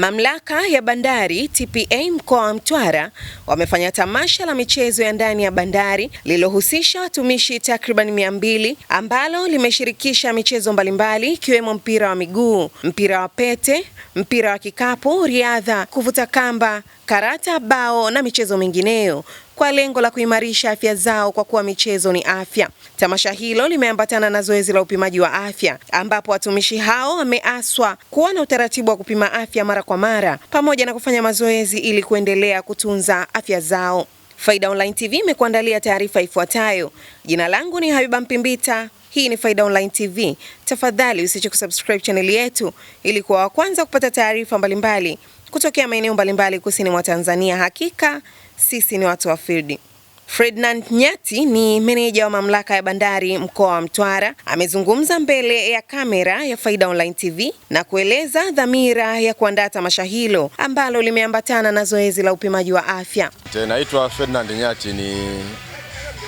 Mamlaka ya bandari TPA mkoa wa Mtwara wamefanya tamasha la michezo ya ndani ya bandari lililohusisha watumishi takriban mia mbili ambalo limeshirikisha michezo mbalimbali ikiwemo mpira wa miguu, mpira wa pete, mpira wa kikapu, riadha, kuvuta kamba, karata, bao na michezo mingineyo kwa lengo la kuimarisha afya zao kwa kuwa michezo ni afya. Tamasha hilo limeambatana na zoezi la upimaji wa afya ambapo watumishi hao wameaswa kuwa na utaratibu wa kupima afya mara kwa mara pamoja na kufanya mazoezi ili kuendelea kutunza afya zao. Faida Online TV imekuandalia taarifa ifuatayo. Jina langu ni Habiba Mpimbita. Hii ni Faida Online TV. Tafadhali usiache kusubscribe chaneli yetu ili kuwa wa kwanza kupata taarifa mbalimbali kutokea maeneo mbalimbali kusini mwa Tanzania. Hakika sisi ni watu wa fildi. Ferdinand Nyati ni meneja wa mamlaka ya bandari mkoa wa Mtwara, amezungumza mbele ya kamera ya Faida Online TV na kueleza dhamira ya kuandaa tamasha hilo ambalo limeambatana na zoezi la upimaji wa afya. Naitwa Ferdinand Nyati, ni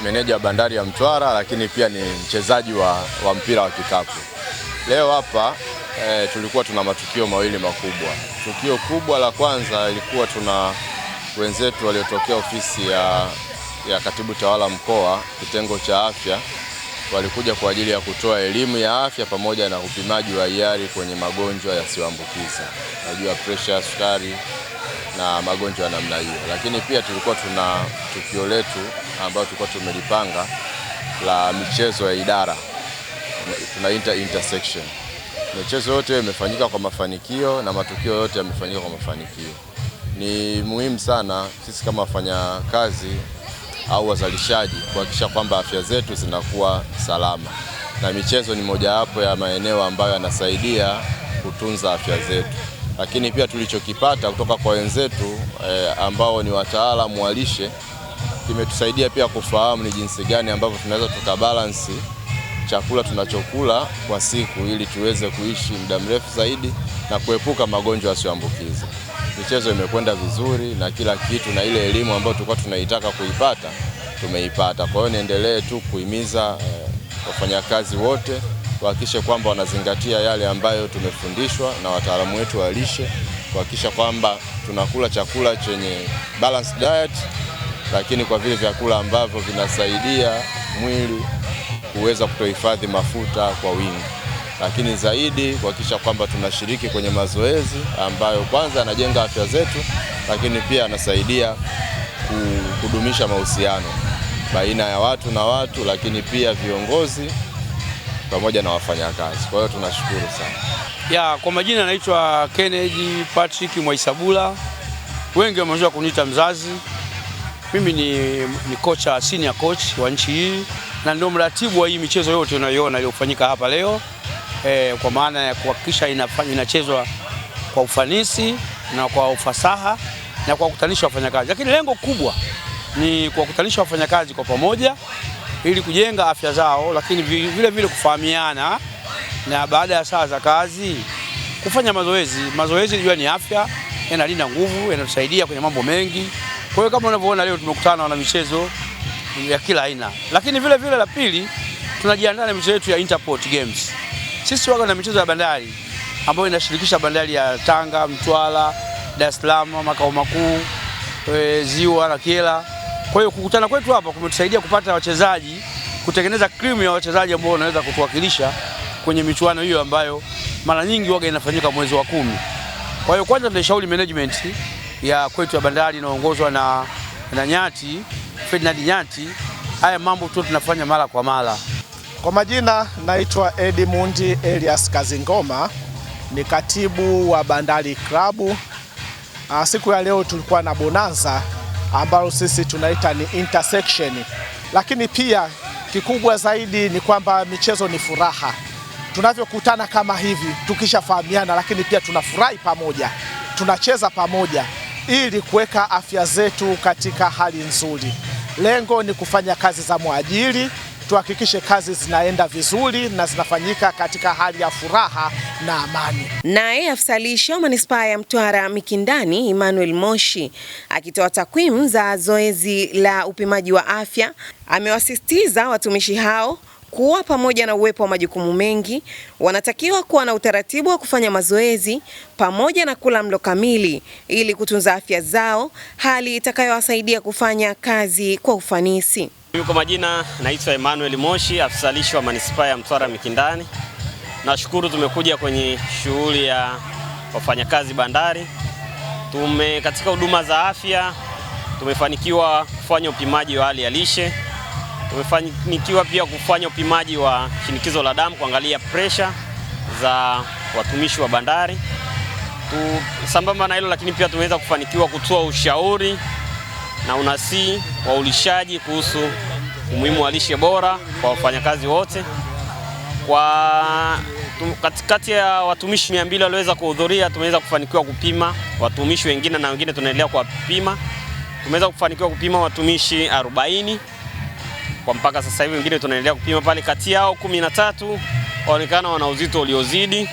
meneja wa bandari ya Mtwara, lakini pia ni mchezaji wa, wa mpira wa kikapu. Leo hapa eh, tulikuwa tuna matukio mawili makubwa. Tukio kubwa la kwanza ilikuwa tuna wenzetu waliotokea ofisi ya, ya katibu tawala mkoa kitengo cha afya walikuja kwa ajili ya kutoa elimu ya afya pamoja na upimaji wa hiari kwenye magonjwa yasiyoambukiza, najua presha, sukari na magonjwa ya namna hiyo. Lakini pia tulikuwa tuna tukio letu ambayo tulikuwa tumelipanga la michezo ya idara, tunaita intersection. Michezo yote imefanyika kwa mafanikio na matukio yote yamefanyika kwa mafanikio ni muhimu sana sisi kama wafanyakazi au wazalishaji kuhakikisha kwamba afya zetu zinakuwa salama, na michezo ni mojawapo ya maeneo ambayo yanasaidia kutunza afya zetu. Lakini pia tulichokipata kutoka kwa wenzetu e, ambao ni wataalamu wa lishe kimetusaidia pia kufahamu ni jinsi gani ambavyo tunaweza tukabalansi chakula tunachokula kwa siku ili tuweze kuishi muda mrefu zaidi na kuepuka magonjwa yasiyoambukiza michezo imekwenda vizuri na kila kitu, na ile elimu ambayo tulikuwa tunaitaka kuipata tumeipata. Kwa hiyo niendelee tu kuhimiza eh, wafanyakazi wote kuhakikisha kwamba wanazingatia yale ambayo tumefundishwa na wataalamu wetu wa lishe, kuhakikisha kwamba tunakula chakula chenye balanced diet, lakini kwa vile vyakula ambavyo vinasaidia mwili kuweza kutohifadhi mafuta kwa wingi lakini zaidi kuhakikisha kwamba tunashiriki kwenye mazoezi ambayo kwanza yanajenga afya zetu, lakini pia anasaidia kudumisha mahusiano baina ya watu na watu, lakini pia viongozi pamoja na wafanyakazi. Kwa hiyo tunashukuru sana. Ya, kwa majina anaitwa Kennedy Patrick Mwaisabula, wengi wamejua kuniita mzazi. Mimi ni, ni kocha senior coach wa nchi hii na ndio mratibu wa hii michezo yote unayoona iliyofanyika hapa leo eh, kwa maana ya kuhakikisha inachezwa kwa ufanisi na kwa ufasaha na kwa kukutanisha wafanyakazi, lakini lengo kubwa ni kuwakutanisha wafanyakazi kwa pamoja ili kujenga afya zao, lakini vile vile kufahamiana na baada ya saa za kazi kufanya mazoezi. Mazoezi jua ni afya, yanalinda nguvu, yanatusaidia kwenye mambo mengi. Kwa hiyo kama unavyoona leo tumekutana na michezo ya kila aina, lakini vile vile la pili tunajiandaa na michezo yetu ya Interport Games. Sisi waga na michezo ya bandari ambayo inashirikisha bandari ya Tanga, Mtwara, Dar es Salaam, makao makuu e, Ziwa na Kiela. Kwa hiyo kukutana kwetu hapa kumetusaidia kupata wachezaji, kutengeneza krimu ya wachezaji ambao wanaweza kutuwakilisha kwenye michuano hiyo ambayo mara nyingi waga inafanyika mwezi wa kumi. Kwa hiyo kwanza tunashauri management ya kwetu ya bandari inaongozwa na, na Nyati Ferdinand Nyati, haya mambo tu tunafanya mara kwa mara. Kwa majina naitwa Edmund Elias Kazingoma, ni katibu wa Bandari Klabu. Ah, siku ya leo tulikuwa na bonanza ambalo sisi tunaita ni intersection, lakini pia kikubwa zaidi ni kwamba michezo ni furaha. Tunavyokutana kama hivi tukishafahamiana, lakini pia tunafurahi pamoja, tunacheza pamoja ili kuweka afya zetu katika hali nzuri. Lengo ni kufanya kazi za mwajiri tuhakikishe kazi zinaenda vizuri na zinafanyika katika hali ya furaha na amani. Naye afisa lishe wa manispaa ya Mtwara Mikindani, Emmanuel Moshi, akitoa takwimu za zoezi la upimaji wa afya, amewasisitiza watumishi hao kuwa pamoja na uwepo wa majukumu mengi, wanatakiwa kuwa na utaratibu wa kufanya mazoezi pamoja na kula mlo kamili ili kutunza afya zao, hali itakayowasaidia kufanya kazi kwa ufanisi. Mimi kwa majina naitwa Emmanuel Moshi, afisa lishe wa manispaa ya Mtwara Mikindani. Nashukuru tumekuja kwenye shughuli ya wafanyakazi bandari. Tume katika huduma za afya tumefanikiwa kufanya upimaji wa hali ya lishe Tumefanikiwa pia kufanya upimaji wa shinikizo la damu kuangalia pressure za watumishi wa bandari tu. Sambamba na hilo lakini pia tumeweza kufanikiwa kutoa ushauri na unasii wa ulishaji kuhusu umuhimu wa lishe bora kwa wafanyakazi wote. Kwa katikati ya watumishi 200 walioweza kuhudhuria, tumeweza kufanikiwa kupima watumishi wengine na wengine tunaendelea kuwapima. Tumeweza kufanikiwa kupima watumishi 40 kwa mpaka sasa hivi, wengine tunaendelea kupima pale. Kati yao kumi na tatu waonekana wana uzito uliozidi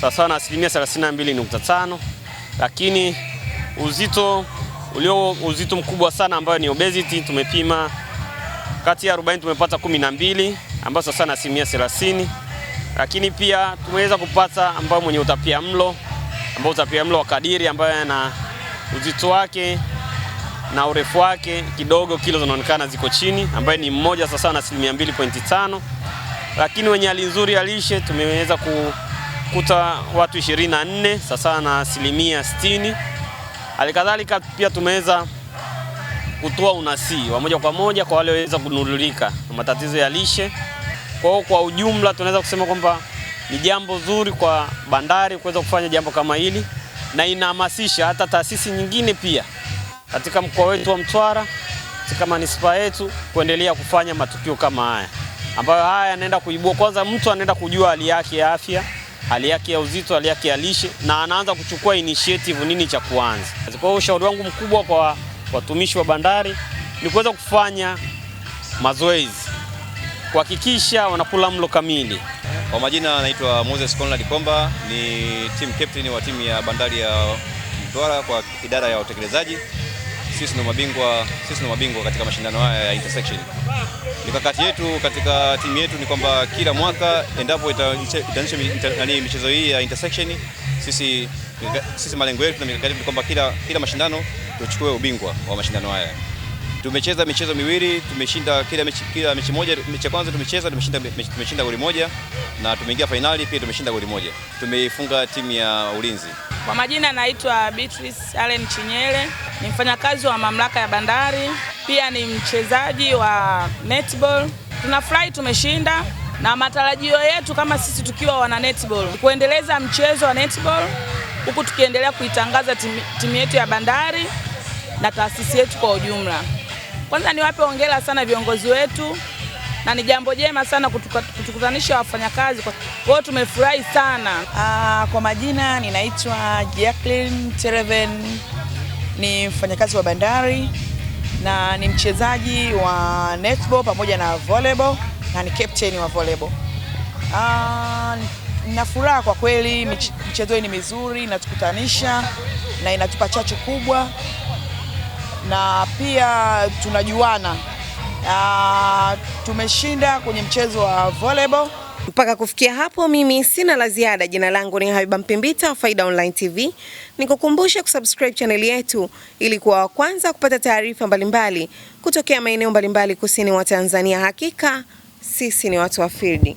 sawasawa na asilimia 32.5, lakini uzito ulio uzito mkubwa sana ambayo ni obesity tumepima kati ya 40 tumepata 12 ambayo sasa na asilimia 30, lakini pia tumeweza kupata ambayo mwenye utapia mlo ambao utapia mlo wa kadiri ambayo ana uzito wake na urefu wake kidogo kilo zinaonekana ziko chini, ambaye ni mmoja sasa na asilimia 2.5, lakini wenye hali nzuri ya lishe tumeweza kukuta watu 24 sasa na asilimia 60. Halikadhalika pia tumeweza kutoa unasii wa moja kwa moja kwa wale waweza kunurulika na matatizo ya lishe. Kwa hiyo kwa ujumla tunaweza kusema kwamba ni jambo zuri kwa bandari kuweza kufanya jambo kama hili, na inahamasisha hata taasisi nyingine pia katika mkoa wetu wa Mtwara, katika manispaa yetu kuendelea kufanya matukio kama haya ambayo haya yanaenda kuibua kwanza, mtu anaenda kujua hali yake ya afya, hali yake ya uzito, hali yake ya lishe, na anaanza kuchukua initiative nini cha kuanza. Kwa hiyo ushauri wangu mkubwa kwa watumishi wa bandari ni kuweza kufanya mazoezi, kuhakikisha wanakula mlo kamili. Kwa majina anaitwa Moses Conrad Komba, ni team captain wa timu ya bandari ya Mtwara kwa idara ya utekelezaji sisi ndo mabingwa, sisi ndo mabingwa katika mashindano haya ya intersection. Mikakati yetu katika timu yetu ni kwamba kila mwaka endapo itaanzisha michezo hii ya intersection, sisi sisi malengo yetu na mikakati ni kwamba kila, kila mashindano tuchukue ubingwa wa mashindano haya. Tumecheza michezo miwili, tumeshinda kila mechi, kila mechi moja. Mechi ya kwanza tumecheza tumeshinda, tumeshinda goli moja na tumeingia fainali pia tumeshinda goli moja. Tumeifunga timu ya Ulinzi. Kwa majina naitwa Beatrice Allen Chinyele, ni mfanyakazi wa mamlaka ya bandari, pia ni mchezaji wa netball. Tunafurahi tumeshinda, na matarajio yetu kama sisi tukiwa wana netball kuendeleza mchezo wa netball huku tukiendelea kuitangaza timu yetu ya bandari na taasisi yetu kwa ujumla. Kwanza niwape hongera sana viongozi wetu na ni jambo jema sana kutukutanisha wafanyakazi. Kwa tumefurahi sana. Aa, ah, kwa majina ninaitwa Jacqueline Tereven, ni mfanyakazi wa bandari na ni mchezaji wa netball pamoja na volleyball na ni captain wa volleyball. Ah, na furaha kwa kweli, michezo ni mizuri, inatukutanisha na inatupa chachu kubwa, na pia tunajuana Ah, tumeshinda kwenye mchezo wa volleyball. Mpaka kufikia hapo mimi sina la ziada. Jina langu ni Habiba Mpimbita wa Faida Online TV. nikukumbushe kusubscribe chaneli yetu ili kuwa wa kwanza kupata taarifa mbalimbali kutokea maeneo mbalimbali kusini mwa Tanzania. Hakika sisi ni watu wa field.